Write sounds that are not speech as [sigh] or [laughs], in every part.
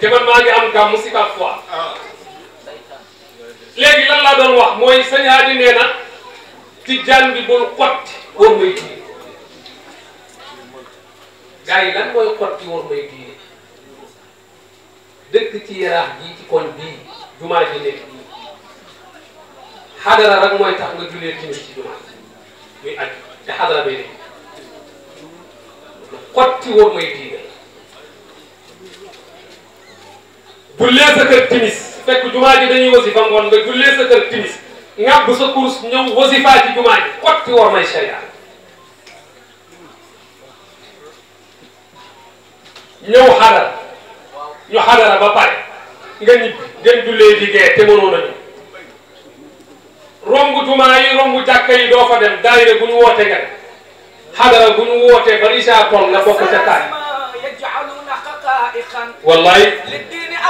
te man maa ngi am gàmm si par fois léegi lan laa doon wax mooy sëñ Hadi nee na ci jaan bi bul xotti war may diine gars yi lan mooy xotti war may diine dëkk ci yaraax ji ci koñ bii jumaa ji nekk bii xadara mooy tax nga jullee timis ci jumaa ji muy aju te xadara bay nekk xotti war may jullee sa kër timis fekk jumaa ji dañuy wasifa ngoon nga jullee sa kër timis ngàbb sa kurus ñëw wasifaa ci jumaa ji xotti war may sharia ñëw xadara ñu xadara ba pare nga ñibbi dem jullee liggéey te mënoon a ñëw romb jumaa yi romb jàkka yi doo fa dem daayira bu ñu woote nga xadara bu ñu wootee ba risaa toll nga bokk ca taay wallaay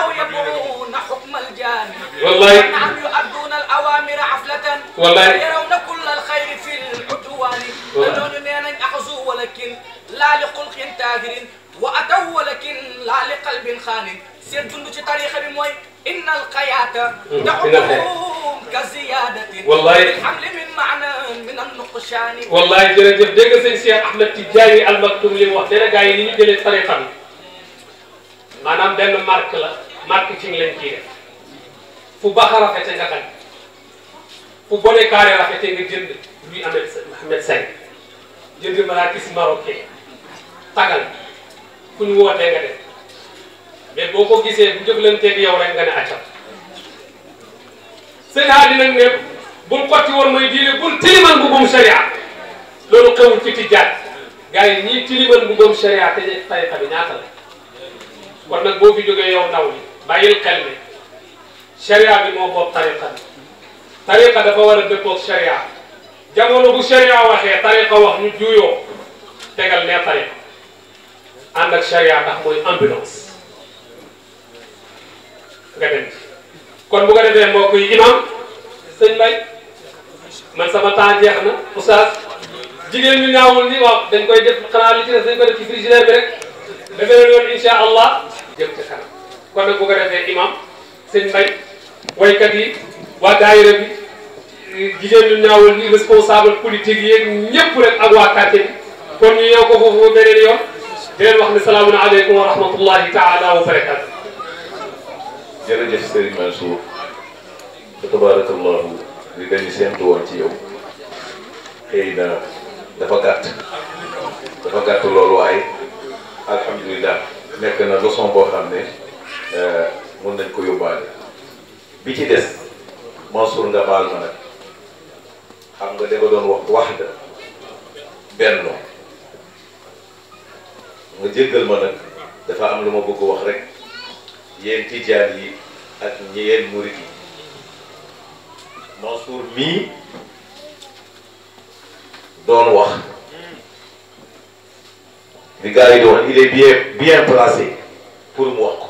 أو يبغون حكم الجان والله نعم يؤدون الأوامر عفلة والله يرون كل الخير في العدوان لأنهم نين أخذوا ولكن لا لخلق تاهر وأتوا ولكن لا لقلب خان سير جندو تاريخ بموي إن القيادة دعوهم كزيادة والله الحمل من معنى من النقشان والله jërëjëf dégg nga sëñ Cheikh Ahmed Tidiane Al Maktoum li mu wax dana gaa yi maanaam benn marque la marketing lañ ciy def fu baax a rafete nga bañ fu bone carré rafete nga jënd Louis Ahmed Ahmed Sène jënd marakis marocain tagal ku ñu wootee nga def boo ko gisee bu jëflanteeg yow rek nga ne acam sëñ Haadi nag ne bul xotti woon mooy diine bul tilimal bu bum sharia loolu xewul ci tijjaat gars yi ñii tilimal bu bum sharia te fay xabi ñaata la kon nag boo fi jógee yow ndaw li bàyyil xel ne sharia bi moo boobu tariqa bi tariqa dafa war a dëppoog sharia jamono bu sharia waxee tariqa wax ñu juuyoo tegal nee tariqa ànd sharia ndax mooy ambulance nga kon bu ko defee mbokk yi imam sëñ bay man sama temps jeex na oustaz jigéen ñu ñaawul ni waaw dañ koy def xanaa li ci des dañ koy def ci frigidaire dana doon incha allah jëm ca kanam kon nag bu ko defee imam sëñ Mbaye waykat yi waa daayira bi jigéen ñu ñaawul ni responsable politique yeeg ñëpp rek ak waa quartier bi kon ñu yow ko foofu beneen yoon di leen wax ne salaamun aleykum wa rahmatullahi taala wa barakaatu jërëjëf Serigne Mansour fa tabarakallahu li dañu séntu woon ci yow xëy na dafa gàtt dafa gàtt loolu waaye alhamdulilah nekk na leçon boo xam ne euh, mun nañ ko yóbbaale bi ci des Mansour nga baal ma nag xam nga da nga doon wax waxda benno nga jéggal ma nag dafa am lu ma bëgg wax rek yéen tijaan yi ak ñi yéen murit yi mii doon wax li gars yi di wax il est bien bien placé pour mu wax ko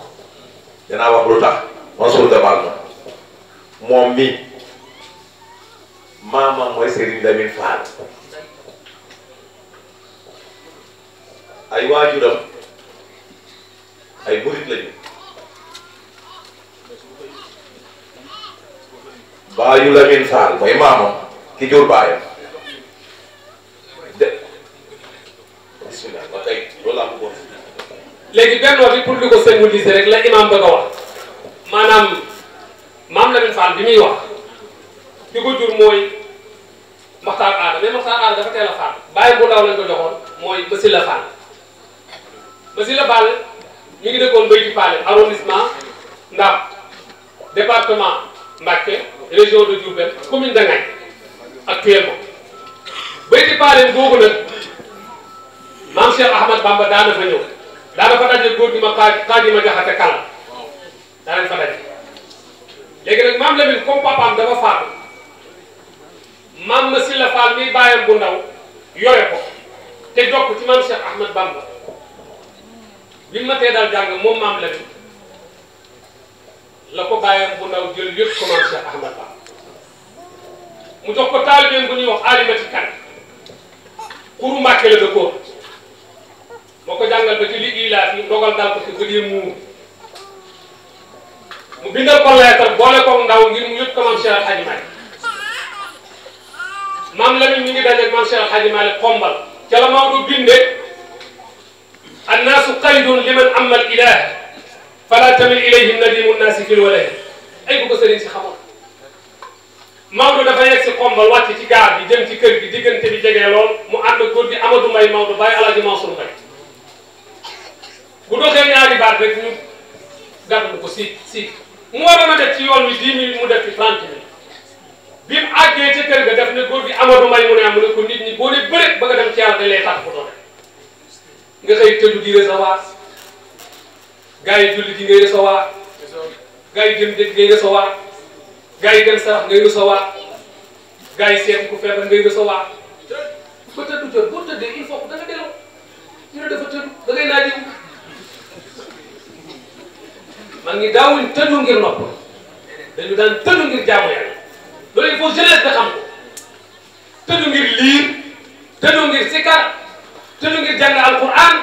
danaa wax lu tax Mansour Gabal ma moom mi maamam mooy Serigne Lamine Fall ay waajuram ay murit lañu baayu Lamine Fall mooy maamam ki jur baayam loolu laa bëggoon léegi bennoo bi pour li ko sëñ mu lise rek la imam bëgg a wax maanaam maam Lamine Fall bi muy wax di ko jur mooy Maxtaar Aada mais Maxtaar Aada dafa teel a faat bàyyi bu ndaw lañ ko joxoon mooy Basila Fall Basila Fall mi ngi dëkkoon Béyti Fall arrondissement Ndar département Mbacké région de Diourbel commune de Ngaye actuellement Béyti Fall googu nag مام شيخ احمد بامبا دانا فا نيو دا فا داج غور بما قاضي ما جاخا تكال دا فا داج لغي نك مام لامين كوم بابام دا فا مام سي لا فال مي بايام بو ناو يوي كو تي دوك تي مام شيخ احمد بامبا بيم ما تي دال جانغ موم مام لامين لاكو بايام بو ناو جيل ييب كوم مام شيخ احمد بامبا mu jox ko talibeen bu ñuy wax alimati kan kuru màkke la ga koor moo ko jàngal ba ci li ilaas ñu dogal dal ko ci gëlee muur mu bindal ko leetal boole ko ndaw ngir mu yëpp ko maam Cheikh Hadji Malick maam Lamine ñu ngi dajeeg maam Cheikh Hadji Malick xombal ca la Maodo bindee annaasu qaydun liman amal ilaah fala tamil ilayhim nadimu naasi fil walayhi ay bu ko sëriñ si xamoon Maodo dafa yegg si xombal wàcc ci gaar bi jëm ci kër gi diggante bi jege lool mu ànd góor gi Amadou Mbaye Maodo bàyyi El Hadj Mansour Mbaye bu doxee ñaari baat rek ñu gàttal ko si si mu waroon a def ci yoon wi dix mille mu def ci trente mille bi mu àggee ca kër ga def ne góor gi Amadou Mbaye mu ne am ne ko nit ñi boo dee bëreet ba nga dem ci yàlla dañ lay tax bu doon nga xëy tëju di recevoir gars yi julli ji ngay recevoir gars yi jëm dëj ngay recevoir gars yi dem sarax ngay recevoir gars yi seet ku feebar ngay recevoir ba tëddu jot boo tëddee il faut que da nga delloo ñu ne dafa tëddu da ngay naaje man ñi daawuñ tënnu ngir nopp dañu daan tënnu ngir jaamu yàlla loolu il faut jeunesse bi xam ko tënnu ngir liir tënnu ngir sikar tënnu ngir jàng alquran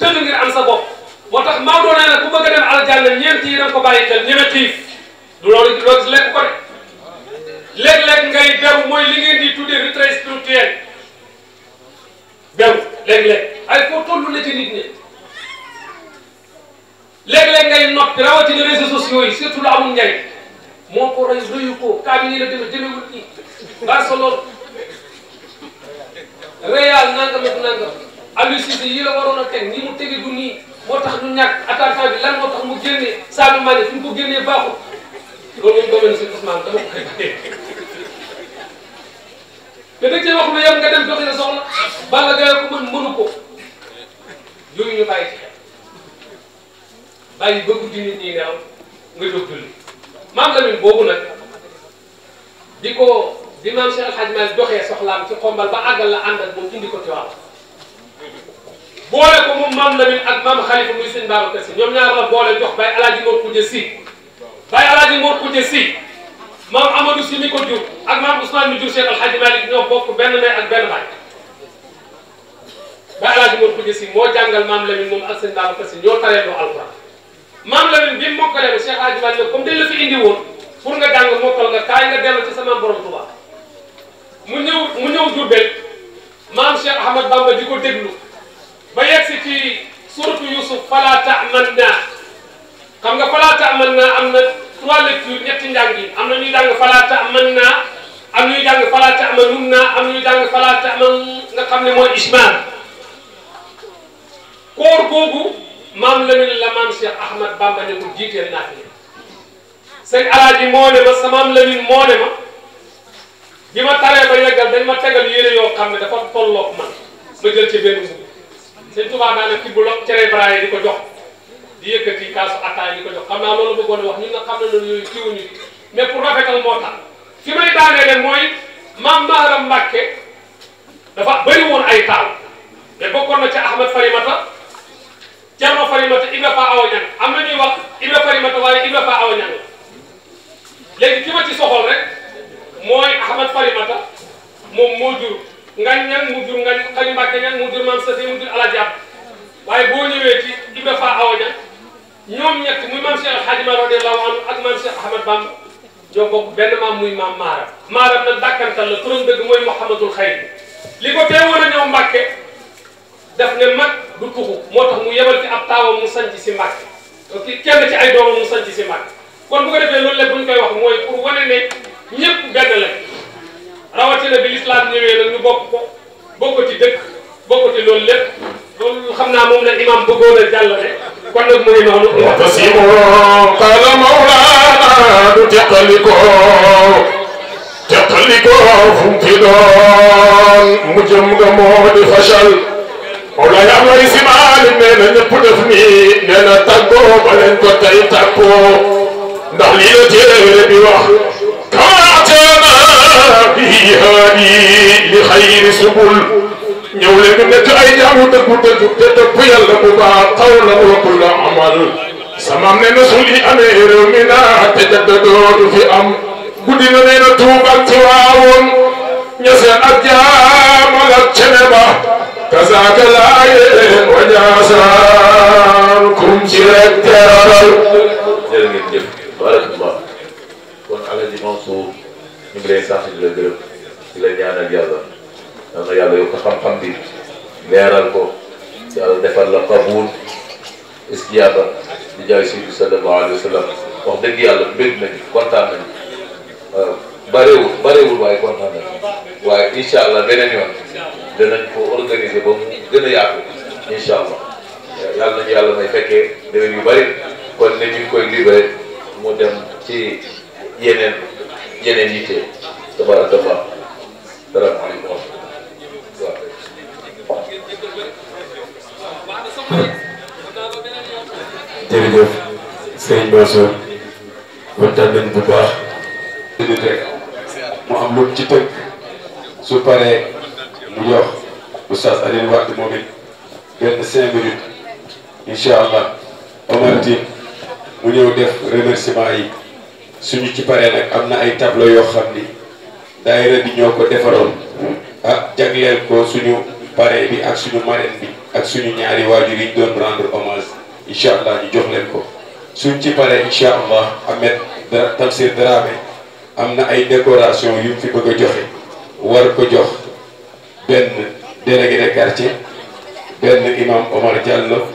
tënnu ngir am sa bopp moo tax Maodo nee na ku bëgg a dem aljanna ñeenti yi danga ko bàyyi xel ñeme xiif du loolu loolu lekk ko de léeg-léeg ngay bew mooy li ngeen di tuddee retrait spirituel bew léeg-léeg ay foo tollu la ci nit ñi léeg-léeg ngay noppi rawatina réseaux sociaux yi surtout lu amul njariñ moo ko rey rëyu ko kaa bi nii la demee demewul nii Barcelone Real nangam ak nangam Aliou Cissé yi la waroon a teg ni mu tege du nii moo tax ñu ñàkk attaquant bi lan moo tax mu génnee Sadio Mané fi mu ko génnee baaxul loolu moom domaine Serigne Ousmane dama ko koy bàyyee te dëgg cee wax lu yem nga dem doxi sa soxla bayi bëgg ci nit ñi nelaw nga jóg julli maam Lamine boobu nag di ko di maam Cheikh Al Hadj Malick doxee soxlaam ci xombal ba àggal la ànd ak moom indi ko ci waaw boole ko moom maam Lamine ak maam Khalifa muy sëñ Baaru Kasi ñoom ñaar la boole jox bay El Hadj Mor Koudia si bay El Hadj Mor Koudia si maam Amadou Sy mi ko jur ak maam Ousmane mi jur Cheikh Al Hadj ñoo bokk benn ndey ak benn baay bay El Hadj Mor Koudia si moo jàngal maam Lamine moom ak sëñ Baaru Kasi ñoo taree doo alxuraan maam Lamine bi mu mokkale bi Cheikh Hadji Malick ne comme dañ la fi indi woon pour nga jàng mokkal nga kaay nga dellu ci sama borom Tuubaa mu ñëw mu ñëw Jurbel maam Cheikh Ahmad Bamba di ko déglu ba yegsi ci suratu Yusuf fala ta'manna xam nga fala am na trois lectures ñetti njàng yi am na ñuy jàng fala ta'manna am ñuy jàng fala ta'manunna am ñuy jàng fala ta'man nga xam ne mooy Ismaël koor googu maam Lamine la maam Cheikh Ahmad Bamba ne ko jiiteel naa fi sëñ alaaji moo ne ma sa maam Lamine moo ne ma bi ma taree ba yeggal dañ ma tegal yére yoo xam ne dafa tolloog man ma jël ci benn mbubb sëñ Tuubaa daa ne ki bu cere braaye di ko jox di yëkkati kaasu attaay di ko jox xam naa loolu bëggoon wax ñun nga xam ne loolu yooyu ciwuñu mais pour moo tax fi may daaneele mooy maam Maharam Mbàkke dafa bëri woon ay taal mais bokkoon na ci Ahmad Farimata Cerno Farimata Ibra Faa Awa Ñang am na ñuy wax Ibra Farimata waaye Ibra Faa Awa Ñang léegi ki ma ci Farimata moo jur ngañ ñang mu jur ngañ xali Mbàkke ñang mu jur maam Sase mu jur Alaaji waaye boo ñëwee ci Ibra Faa Awa Ñang ñoom ñett muy maam Cheikh Alxaaji Maam radiyallaahu anhu ak maam Cheikh Ahmad Bamba ñoo bokk benn maam muy maam Maaram Maaram nag dàkkantal la turam dëgg mooy Mouhamadul Xayri li ko teewoon a ñëw Mbàkke daf ne ma du tuxu moo tax mu yebal fi ab taawam mu sanc si Mbàkke ki kenn ci ay doomam mu sanc si Mbàkke kon bu ko defee loolu la bu ñu koy wax mooy pour wane ne ñëpp benn la rawatina bi lislaam ñëwee nag ñu bokk ko bokkati dëkk bokkati loolu lépp loolu xam naa moom la imam bëggoon a jàllale kon nag mooy noonu waqsimoo qala mawlaana du teqalikoo teqalikoo fu mu fi mu jëm nga moo di fashal amay si maalim nee na ñëpp def nii nee na tàggoo ba leen ko tey ndax lii la téere bi wax kamaatana bii haadi li xayri subul ñëw leen ñu nekk ay jaamu dëggu dëggu te dëpp yàlla bu baax xaw la wa kulla amal samaam nee na su lii amee réew mi naa te jaddadoo du fi am guddi na nee na tuubal ci waawoon ña seen ak jaamal ak cene ba kasaak laa yéen wañaasaan kum ci rek teeral jërë ngeen jëf barakallah kon Alaaji Mansour ñu ngi lay sant di la gërëm di la ñaanal yàlla dam na yàlla yokk xam-xam bi leeral ko yàlla defal la qabuul istiyaaba di jaay subi sallallahu alayhi wa sallam wax dëgg yàlla bëgg nañu kontaan nañu waaw barewul barewul waaye kontaan nañu waaye incha allah beneen yoon danañ ko organiser ba mu gën a yaatu incha allah yàlla nañu yàlla may fekkee déwén yu bëri kon ne ñu ngi koy libéré mu dem ci yeneen yeneen yitte tabaraka allah salaamaaleykum jërëjëf Serigne Bosso waxtaan nañ bu baax. mu am lu ci tënk su paree. mu jox oustaz Alioune Wade moom it benn cinq minutes incha allah Omar Tine mu ñëw def remerciement yi suñu ci paree nag am na ay tableau yoo xam ni daayira bi ñoo ko defaroon ah jagleel ko suñu pare bi ak suñu marraine bi ak suñu ñaari waajur yi ñu doon rendre hommage incha allah ñu jox leen ko suñu ci pare incha allah Ahmed Tafsir Dramé am na ay décoration yu fi bëgg a joxe war ko jox. benn délégué de quartier benn imam Omar Diallo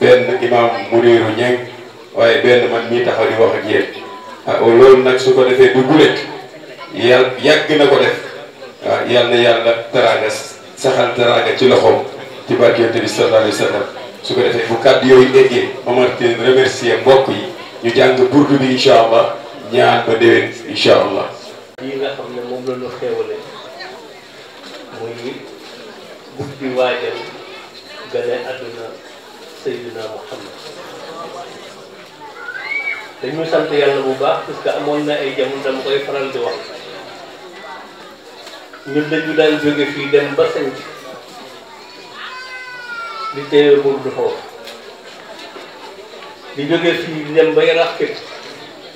benn imam Mouniru Ñeng waaye benn man mii taxaw di wax ak yéen ah oh, loolu nag su ko defee du guléet yàgg na ko def waaw ah, yàlla yàlla teraanga saxal teraanga ci loxoom ci barke Yonent bi sallallahu alayhi wa su ko defee bu kàddu yooyu eggee Omar te remercier mbokk yi ñu jàng burdu bi incha allah ñaan ba déwén incha allah. bi waajal gane àdduna Seydina Muhammad dañu sant yàlla bu baax parce que amoon na ay jamono dama koy faral di wax ñun dañu daan jóge fii dem ba di teewe burdu foofu di jóge fii di dem ba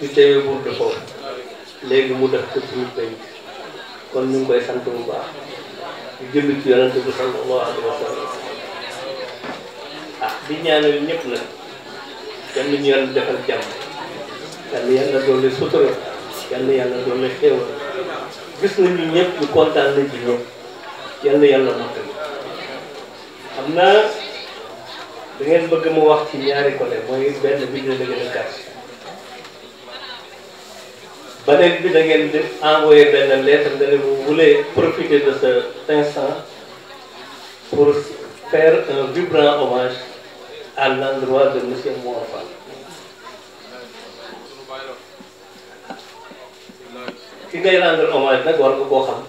di teewe burdu foofu léegi mu def ko suñu kon ñu koy sant bu baax jëm ci yonent bi sallallahu alayhi wa sallam ah di ñaanal ñëpp nag yal na ñu yàlla defal jàmm yal na yàlla doole sutura yal na yàlla doole xéewal gis nañu ñëpp ñu kontaan na ci ñoom yal na yàlla mottali xam naa da ngeen bëgg mu wax i ñaari côté mooy benn bi dina gën a ba léegi bi da ngeen di envoyé benn lettre da ne vous voulez profiter de cet instant pour faire un vibrant hommage à l'endroit de monsieur Mouafa. ki ngay rendre hommage nag war nga koo xam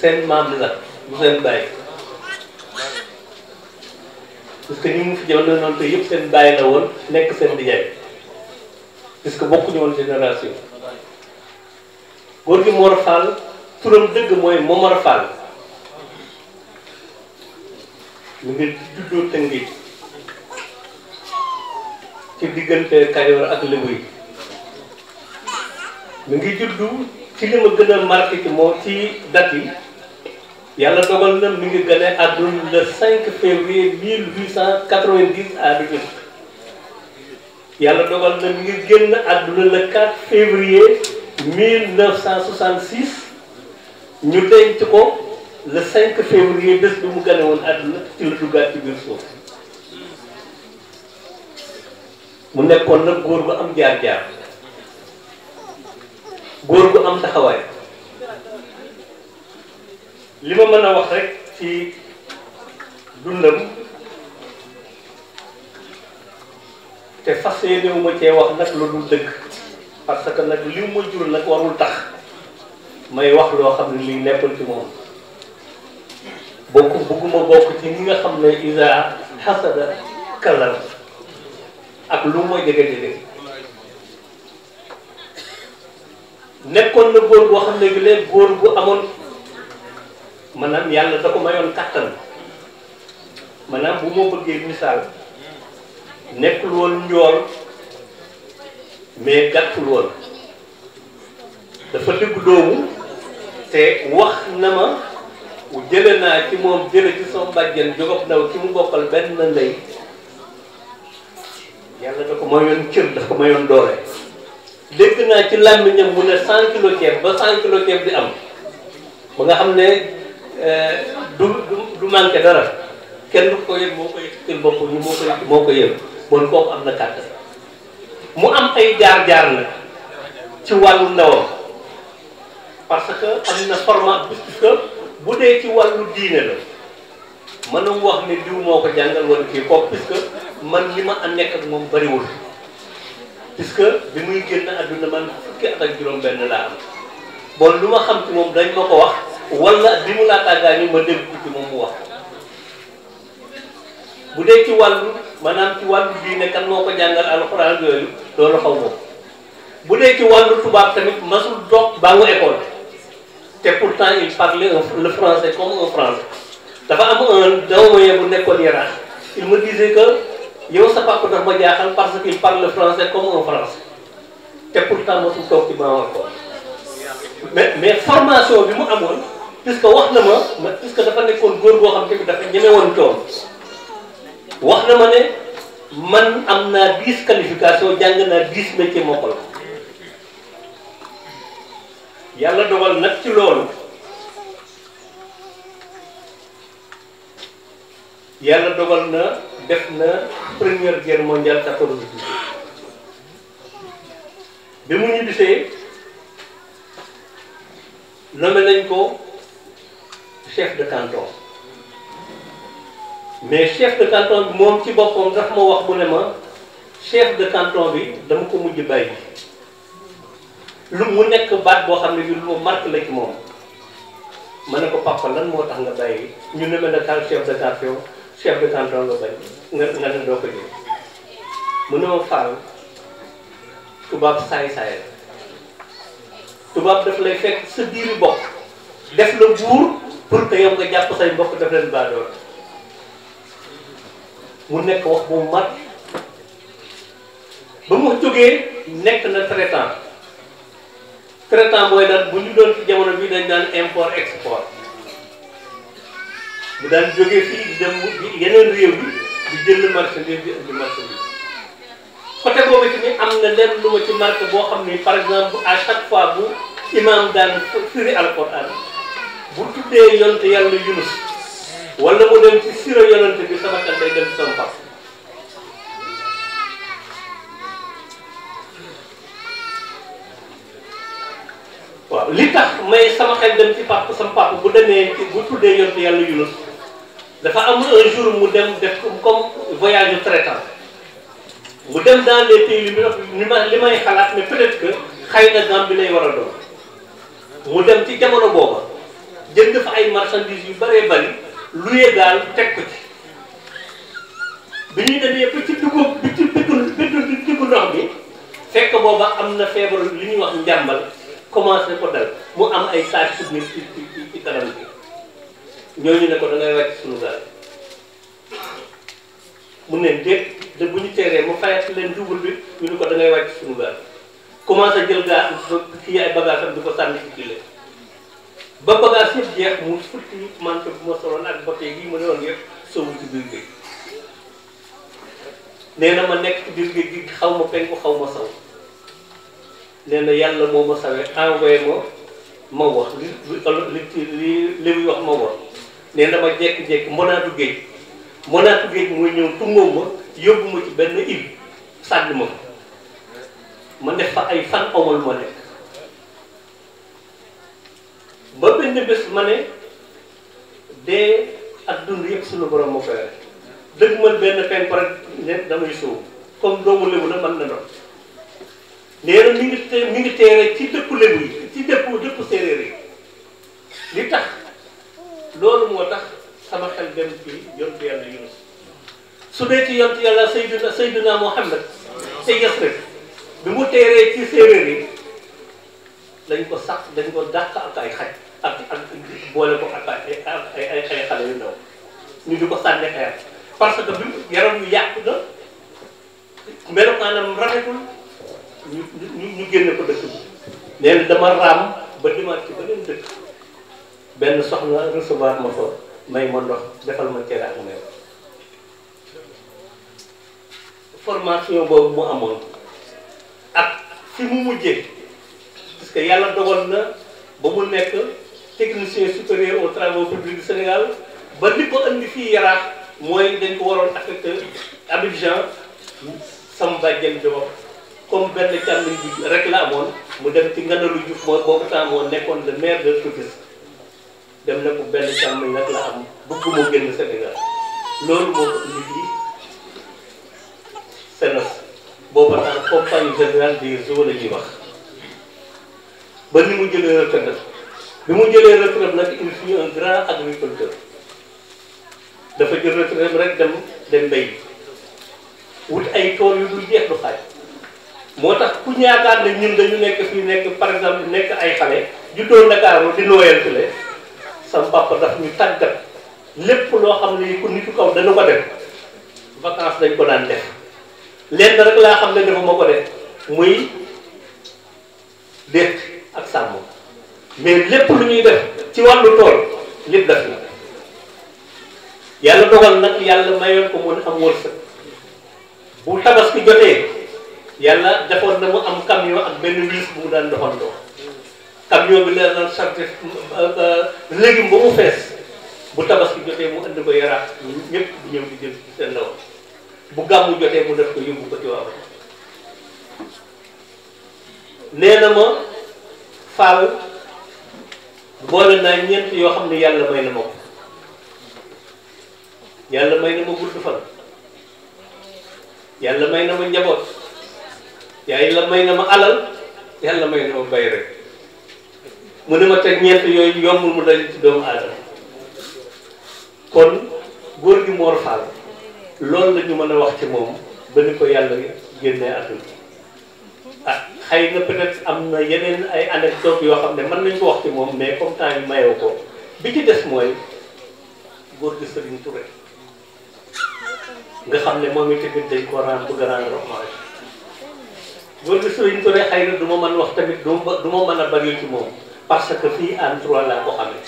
seen maam la bu seen bàyyi parce que ñu mu fi jël noonu te yëpp seen bàyyi la woon nekk seen dijaay. parce que bokkuñu woon génération góor gi Mor Fall turam dëgg mooy Momar Fall mu tout juddoo Tëngéej ci diggante Kajoor ak Lebu yi mu ngi juddu tout li ma gën a marqué ci moom ci date yi yàlla dogal na mi ngi gën a àdduna le 5 février 1890 à Louga. yàlla dogal na mi ngi génn àdduna le 4 février 1966 ñu denc ko le 5 février bés bi mu gane woon àdduna ci la duggaat ci biir suuf mu nekkoon nag góor gu am jaar-jaar góor gu am taxawaay li ma mën a wax rek ci dundam. te fas yéene ma cee wax nag lu dul dëgg parce que nag li ma jur nag warul tax may wax loo xam ne lii nekkoon ci moom bokk bugguma bokk ci ñi nga xam ne isa xasada kalal ak lu ma jege jege nekkoon na góor boo xam ne bi leen góor bu amoon maanaam yàlla da ko mayoon kattan maanaam bu ma bëggee misaal nekkul woon njool mais gàttul woon dafa diggu doomu te wax na ma jële naa ci moom jële ci sama bàjjen jogob ndaw ci mu bokkal benn ndey yàlla da ko mayoon cër da ko mayoon doole dégg naa ci làmmiñam mu ne cent kilo ceeb ba cent kilo ceeb di am ba nga xam ne euh, du du manqué dara kenn du ko yëg moo koy xil bopp ñu moo koy moo ko yëg bon kooku am na kàttan mu am ay jaar-jaar nag ci wàllu ndawam parce que am na format puisque bu dee ci wàllu diine la mu wax ne diw moo ko jàngal woon kii kooku puisque man li ma am nekk ak moom bëriwul puisque bi muy génn àdduna man fukki at ak juróom-benn laa am bon lu ma xam ci moom dañ ma ko wax wala bi mu laa tàggaa ni ma dégg ci moom mu wax bu dee ci wàllu maanaam ci wàllu diine kan moo ko jàngal alxuraan yooyu loolu xaw ma bu dee ci wàllu tubaab tamit masul doog baa ngu école te pourtant il parlait le français comme un français dafa am un doyen bu nekkoon yaraax il me disait que yow sa papa daf ma jaaxal parce que parle le français comme un français te pourtant masul toog ci baa école mais mais formation bi mu amoon puisque wax na ma puisque dafa nekkoon góor boo xam te dafa ñeme woon toom wax na ma ne man am naa dix qualification jàng naa dix métier mokkal yàlla dogal nag ci loolu yàlla dogal na def na première guerre mondiale quatorze bi mu ñu bisee nommé nañ ko chef de canton mais chef de canton bi moom ci boppam daf ma wax mu ne ma chef de canton bi dama ko mujj bàyyi lu mu nekk baat boo xam ne bi lu ma marque la ci moom ma ne ko papa lan moo tax nga bàyyi ñu ne ma ne daal chef de canton chef de canton nga bàyyi nga nga ne doo ko jël mu ne ma faal tubaab saay-saay la tubaab daf lay fekk sa diiri bokk def la buur pour que yow nga jàpp say mbokk daf leen baadoor mu nekk wax bu mat ba mu jógee nekk na traitant traitant mooy daal bu ñu doon ci jamono bi dañ daan import export mu daan jógee fii di dem yeneen réew bi di jënd marchandise bi indi marchandise côté boobu ni am na lenn lu ma ci marque boo xam ni par exemple à chaque fois bu imam daan firi alquran bu tuddee yonte yàlla yunus wala mu dem ci sira yonent bi sama xel day dem ci sama fas waaw li sama xel dem ci papa sama papa bu demee bu tuddee yonent yàlla Yunus dafa am un jour mu dem def comme voyage traitant mu dem dans les pays li ma li may xalaat mais peut-être que xëy na lay war a doon mu dem ci jamono booba jën fa ay marchandises yu bëree bëri luye daal teg ko ci bi ñu demee ba ci dugub bi ci dugub bi diggu ndox bi fekk booba am na feebar li ñuy wax njàmbal commencé ko dal mu am ay saag subni ci ci ci kanam bi ñooñu ne ko da wàcc suñu gaal mu ne déet de bu ñu teeree mu fayat leen double bi ñu ne ko da ngay wàcc suñu gaal commencé jël gaal kii ay bagage am di ko sànni ci kii ba bagage yëpp jeex mu futti mante bu ma soloon ak botte gi ma ne yëpp soobu ci biir géej ma nekk ci gi xaw ma penku xaw ma saw nee na yàlla moo ma sawee envoyé ma ma wax li li li wax ma wax nee na ma jékki-jékki mbonaatu géej mbonaatu géej mooy ñëw tungoo ma yóbbu ma ci benn île sàdd ma ma def fa ay fan awal ma nekk ba bind bés ma ne dee ak dund yëpp suñu borom moo koy rek dëgg man benn penk rek ne damay suuf comme doomu lébu la man na doon nee na mi ngi te mi ngi teere ci dëkku lébu yi ci dëkku dëkku séeréer yi li tax loolu moo tax sama xel dem ci yontu yàlla Yunus su dee ci yontu yàlla Seydina Seydina Muhammad te yes rek bi mu teeree ci séeréer yi dañ ko sax dañ ko dàq ak ay xaj ak ak boole ko ak ay ay ay xale yu ndaw ñu di ko sànni xeer parce que bi yaram yu yàqu na melokaanam rafetul ñu ñu ñu génne ko dëkk bi nee na dama raam ba demaat ci beneen dëkk benn soxna recevoir ma fa may ma ndox defal ma cere ak meew formation boobu mu amoon ak fi mu mujjee parce que yàlla dogal na ba mu nekk technicien supérieur aux travaux publics du Sénégal ba li ko andi fii yaraax mooy dañ ko waroon affecté Abidjan Samba Badiane Diop comme benn càmmiñ bi rek la amoon mu dem ci Nganalu Diouf mooy boobu temps moo nekkoon le maire de Sotis dem na ko benn càmmiñ rek la am bëgguma génn Sénégal loolu moo ko indi fii Senos boobu temps compagnie générale des eaux la wax ba ni mu jëlee retraite bi mu jëlee retraite nag il fut un grand agriculteur dafa jël retraite rek dem dem mbay wut ay tool yu dul jeex du xaaj moo tax ku ñaakaar ne ñun dañu nekk fii nekk par exemple nekk ay xale juddoo Ndakaaru di nooyantale sam papa daf ñu tàggat lépp loo xam ne ku nitu kaw dana ko def vacances dañ ko daan def lenn rek laa xam ne dafa ma ko def muy déet ak sàmm mais lépp lu ñuy def ci wàllu tool nit def na yàlla dogal nag yàlla mayoon ko mun am wërsëg bu tabaski jotee yàlla defoon na mu am camion ak benn wiis bu mu daan doxandoo camion bi la daan chargé euh, euh, légume ba mu fees bu tabaski jotee mu indi ko yaraat ñëpp ñëw di jël seen ndaw bu gàmmu jotee mu def ko yóbbu ko ci waaw nee na ma faal boole naa ñeent yoo xam ne yàlla may na ma ko yàlla may na ma gudd fan yàlla may na ma njaboot yàlla may na ma alal yàlla may na ma bay rek mu ne ma teg ñeent yooyu yomb mu dal ci doomu aadama kon góor gi Mor Fall loolu la mën a wax ci moom ba ni ko yàlla génnee atum xëy na peut am na yeneen ay anecdote yoo xam ne man nañ ko wax ci moom mais comme temps yi mayoo ko bi ci des mooy góor gi Serigne Touré nga xam ne moom itamit dañ ko rendre grand hommage góor gi Serigne Touré xëy na du ma mën wax tamit du ma du ma mën a bari ci moom parce que fii en trois laa ko xamee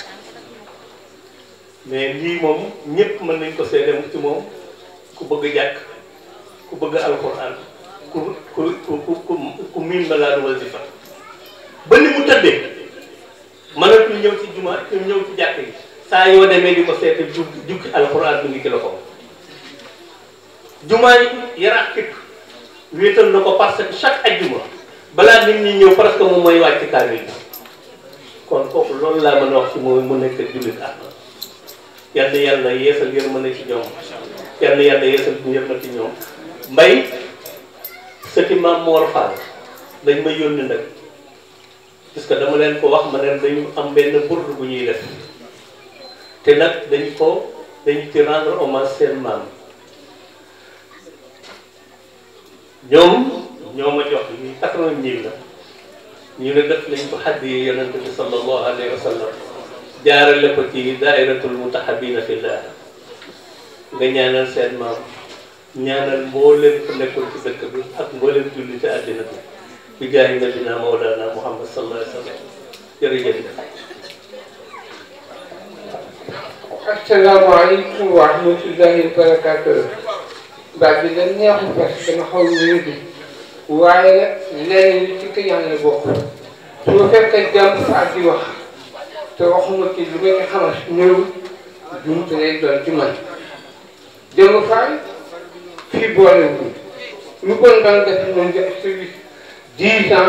mais lii moom ñëpp mën nañ ko seedem ci moom ku bëgg jàkk ku bëgg alxuraan ku ku ku ku miin balaa wasifa ba ni mu tëddee mënatul ñëw ci juma ñëw ci jàkk gi saa yoo demee di ko seet ju alxuraan bi ngi ci loxoom jumaa yi yaraax képp wéetal na ko parce que chaque ajjuma balaa nit ñi ñëw parce que moom mooy wàcc kaamil bi kon kooku loolu laa mën a wax ci mooy mu nekk jullit àq yal na yàlla yeesal yërmande ci ñoom yal na yeesal ñëpp na ci ñoom mbay sëti maam Mor Fall dañ ma yónni nag puisque dama leen ko wax ma leen dañu am benn bourde bu ñuy def te nag dañ ko dañ ci rendre hommage seen maam ñoom ñoo ma jox ñu quatre-vingt mille la ñu ne def lañ ko xadd yi yonent bi sallallahu alayhi wa sallam jaarale ko ci dairatul mutahabina fillah nga ñaanal seen maam ñaanal mboolem ku nekkoon ci dëkk bi ak mboolem julli ci àddina bi bi jaay nga dinaa Mawlana Muhammad sallallahu alayhi wa sallam jërëjëf. asalaamaaleykum wa rahmatullahi wa barakatuh baat bi dañ neexu fas dama xaw wér bi waaye su ma fekkee jàmm fa wax te waxuma ci lu ngeen xamal ñëw jumte man jëmm fii boole wu ñu bon daan di service ngi toog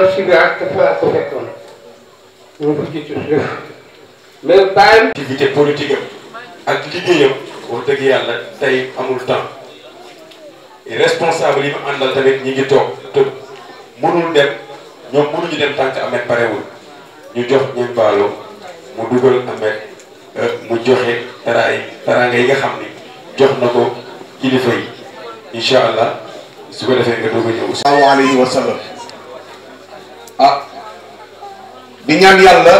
ñu jox ñu baaloo euh, nga xam ni jox na ko kilifa yi. incha allah su ko defee nga doog a ñëw. sallallahu alayhi wa ah, ñaan yàlla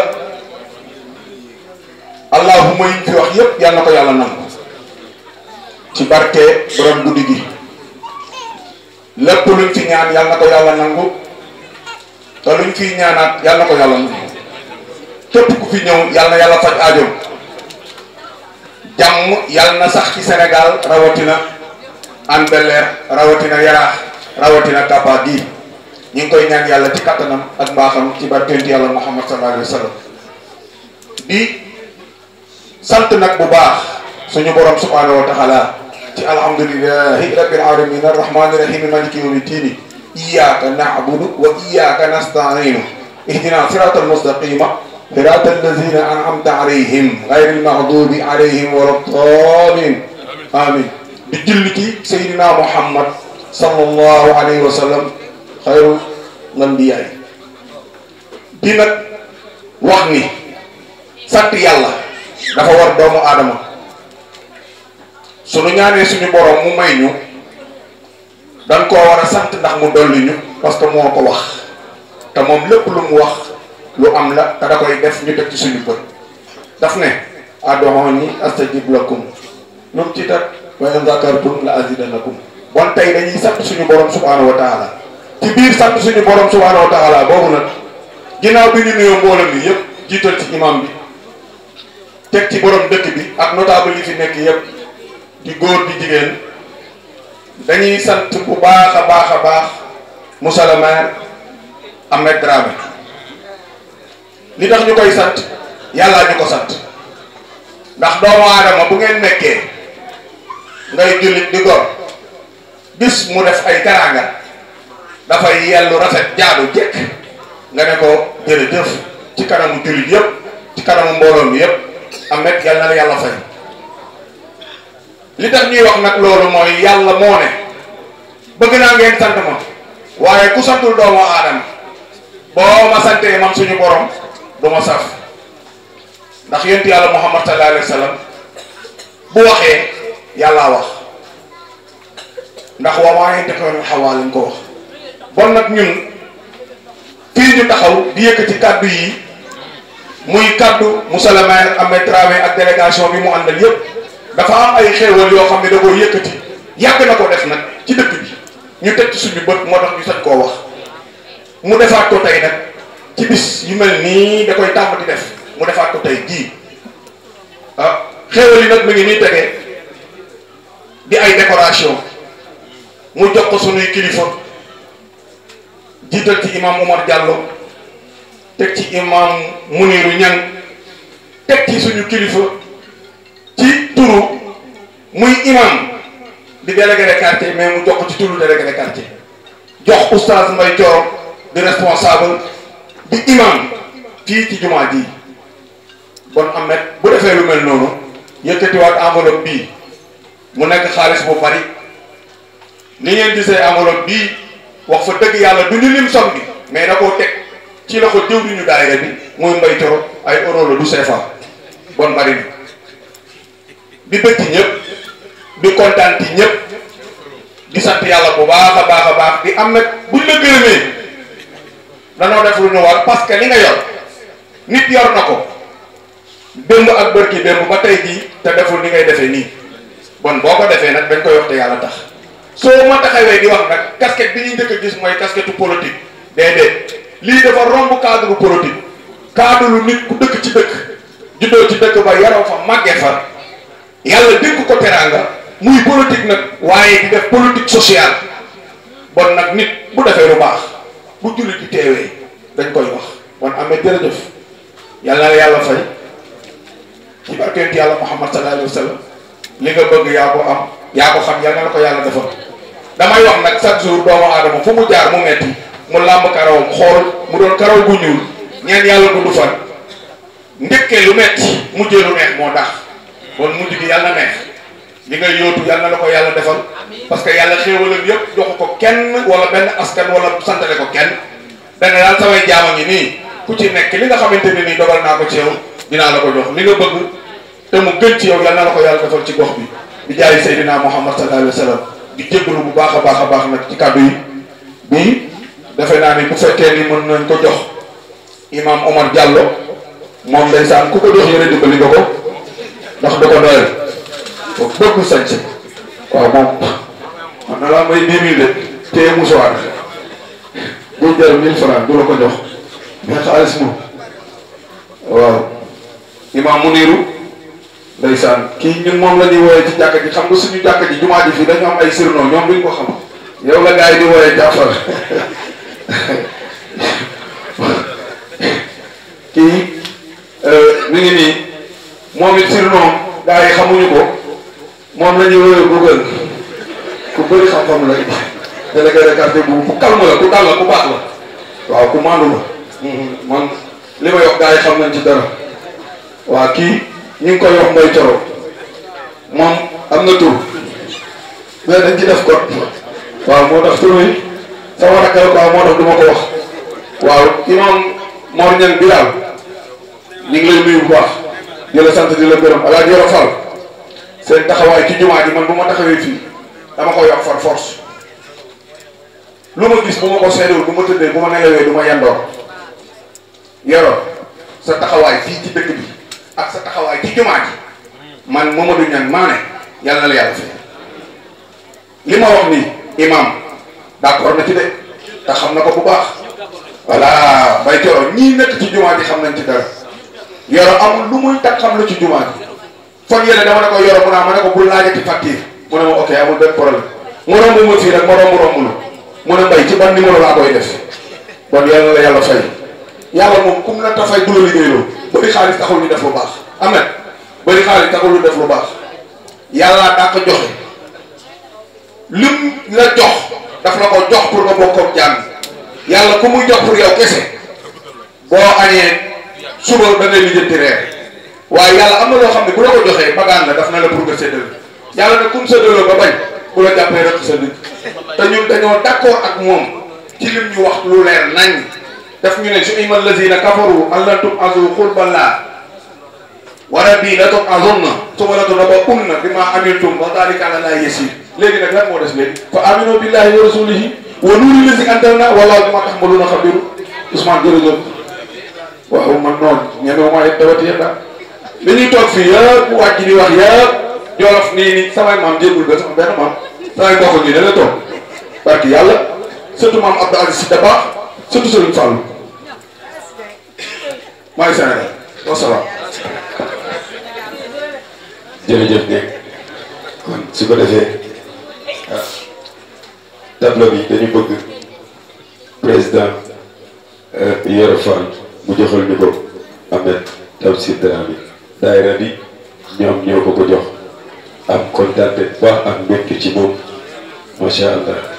allahuma yi fi wax yëpp yal ko yàlla nangu ci barke borom guddi gi lépp luñ fi ñaan yal na ko yàlla nangu te luñ fiy ñaanaat yal ko yàlla nangu képp ku fi ñëw yal yàlla faj aajo jàmm yal na sax ci Sénégal rawatina. an belleer rawatina yara rawatina Taba gi ñi koy ñaan yalla ci katanam ak baxam ci barkeent yalla Muhammad sallallahu alaihi wasallam di sant nak bu baax suñu borom subhanahu wa taala ci alhamdulillahi rabbil alamin arrahmani rahim maliki yawmi dini iyyaka na'budu wa iyyaka nasta'in ihdina siratal mustaqim siratal ladzina an'amta 'alaihim ghairil maghdubi 'alaihim waladdallin amin di julli ci Muhammad sallallahu Alaihi Wasallam sallam xayru nanbiyaay di nak wax ni sant yalla dafa war doomu adama suñu ñaanee suñu borom mu may ñu dañ ko wara sant ndax mu dolli ñu parce que moko wax ta mom lepp lu mu wax lu am la ta da koy def ñu teg ci suñu bët daf ne adooni astajib lakum num ci tak wa in zakartum la azidannakum bon tey dañuy sant suñu borom subhaanahu wa taala ci biir sant suñu borom subhaanahu wa taala boobu nag ginnaaw bi ñu nuyoo mbooloo bi yëpp jiital ci imam bi teg ci borom dëkk bi ak notable yi ci nekk yëpp di góor di jigéen dañuy sant bu baax a baax a baax monsieur le maire Ahmed Dramé li tax ñu koy sant yàlla ñu ko sant ndax doomu aadama bu ngeen nekkee. ngay julit di gor bis mu def ay da fay yallu rafet jaadu jek nga ne ko def ci kanamu julit yëpp ci kanamu mbolom mi am nek yalla na yalla fay li tax ñuy wax nak lolu moy yalla mo ne bëgg na ngeen sant ma waye ku santul doomu adam bo ma santé man suñu borom duma saf ndax yent muhammad sallallahu Alaihi Wasallam, bu waxe yalla wax ndax wa maa yantiqu xawaa lañ ko wax bon nak ñun fi ñu taxaw di yëkkati kaddu yi muy kaddu monsieur amé travé ak délégation bi mu andal yépp dafa am ay xéewal yo xamni da ko yëkkati yag na ko def nak ci dëkk bi ñu teg ci suñu bëtt mo tax ñu saj ko wax mu defaat ko tay nak ci bis yu mel ni da koy tambati def mu defaat ko tay gi ah xéewal yi nak mi ngi ni tégué di ay décoration mu jox ko suñuy kilifa jiital ci imam Omar Diallo teg ci imam Muniru Ñang teg ci suñu kilifa ci turu muy imam di délégué de quartier mais mu jox ci turu délégué de quartier jox oustaz Mbay Coor di responsable di imam fii ci jumaa ji bon Ahmed bu defee lu noonu yëkkatiwaat enveloppe bii mu nekk xaalis bu bari ni ngeen gisee enveloppe bii wax fa dëgg yàlla du ñu lim bi mais da koo teg ci la ko diw ñu daayira bi muy mbay coro ay euro la du CFA bon bari na di bëgg ñëpp di kontaan ci ñëpp di sant yàlla bu baax a baax a baax bi am nag bu la gërëmee danoo def lu ñu war parce que li nga yor nit yor na ko démb ak bërki démb ba tey jii te deful ni ngay defee nii bon boo ko defee nag dañ koy wax te yàlla tax soo ma taxawee di wax nag casquette bi ñuy njëkk a gis mooy casquette politique déedéet lii dafa romb cadre politique cadre lu nit ku dëkk ci dëkk juddoo ci dëkk ba yaroo fa màggee fa yàlla dénk ko teraanga muy politique nag waaye di def politique social bon nag nit bu defee lu baax bu jullit di teewee dañ koy wax bon amee jërëjëf yàlla na yàlla fay ci barkeent yàlla Muhammad sallallahu alayhi li nga bëgg yaa ko am yaa ko xam yal na la ko yàlla defal damay wax nag chaque jour doomu aadama fu mu jaar mu metti mu làmb karawam xool mu doon karaw gu ñuul ñeen yàlla gudd fan ndëkkee lu metti mujjee lu neex moo tax kon mujj gi yàlla neex li nga yóotu yàlla na la ko yàlla defal parce que yàlla xéewalam yëpp joxu ko kenn wala benn askan wala santale ko kenn dana daal samay jaama ngi nii ku ci nekk li nga xamante ne nii dogal naa ko te mu gën ci yow yal na la ko yàlla defal ci gox bi di jaay Seydina Muhammad sallallahu alayhi wa sallam di bu baax a baax a baax nag ci kàddu yi bii defe naa ni bu fekkee ni mën nañ ko jox imam Omar Diallo moom ndeysaan ku ko jox yëre dimbali nga ko ndax da ko doyal ko na laa may dix mille de téye musuwaar la ko jox xaalis moom waaw imam Muniru ndeysaan kii ñun moom la ñuy wooyee ci jàkka ji xam nga suñu jàkka ji jumaa ji fii dañu am ay sirno ñoom ñu ko xam yow la gars yi di wooyee Jaafar [laughs] kii euh, mi ngi nii moom it sirno gars yi xamuñu ko moom la ñuy wooyee Google ku bëri xam-xam la délégué de quartier bu bu calme la ku dal la ku baax la waaw ku maandu la mm-hmm. man li may wax xam nañ ci dara waa kii ñu ngi koy wax mooy coro moom am na tur mais dañ ci def kot waaw moo tax yi sama rakk quoi moo tax du ko wax waaw imam Mor Niang bi daal ñu ngi lay nuyu bu baax di la sant di la gërëm El di Yoro seen taxawaay ci jumaa ji man bu ma taxawee fii dama koy yokk far force lu ma gis bu ma ko seedewul bu ma tëddee bu ma nelawee du ma Yoro sa taxawaay fii ci dëkk bi. ak sa taxawaay ci jumaa ji man Mamadou Niang maa ne yàlla na la yàlla fay li ma nii imam d'accord na ci de te xam na ko bu baax voilà bay coro ñii nekk ci jumaa ji xam nañ ci dara yoro amul lu muy tak xam lu ci jumaa ji fan yële dama ne ko yoro mu naa ma ko bul laajati facture mu ne ma ok amul benn problème mu ma fii rek ma romb romb lu mu ne mbay ci ban numéro laa koy def bon yàlla la yàlla fay yàlla moom kum la tafay du liggéey loolu bëri xaalis taxul ñu def lu baax am na bëri xaalis taxul ñu def lu baax yàlla daa ko joxe lim la jox daf la ko jox pour nga bokkoog jàmm yàlla ku muy jox pour yow kese boo añee suba da ngay lijjanti reer waaye yàlla am na loo xam ne bu la ko joxee bagaan la daf na la pour nga séddal yàlla ne kum séddaloo ba bañ ku la jàppee rek sa nit dañoo d'accord ak moom ci lim ñu wax lu leer nañ. daf ñu ne su allah tub azu xurballah wa rabbi la tub azunna suma bi ma amintum wa dalika ala la yasir léegi nag lan moo des léegi fa aminu billahi wa rasulihi wa nuuri lazi anzalna wallahu bima taxmaluna xabiru Ousmane jërëjëf waaw man noonu ñeme ma yëpp dawati yëpp daal ah. li ñuy toog fii yëpp wàcc di wax yëpp jolof nii nii samay maam jéegul ba sama benn maam samay mbokk gi dana toog barki yàlla surtout maam Abdou Aziz Sy Dabakh surtout Serigne Fallou mooy Sénégal su ko defee ah, tableau bi dañu bëgg président euh, Yoro Fall mu joxal ñu ko Ahmed Tamsir Dramé daayira bi ñoom ñoo ko jox am kontaan bu baax ak mbégte ci moom macha allah.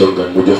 jongan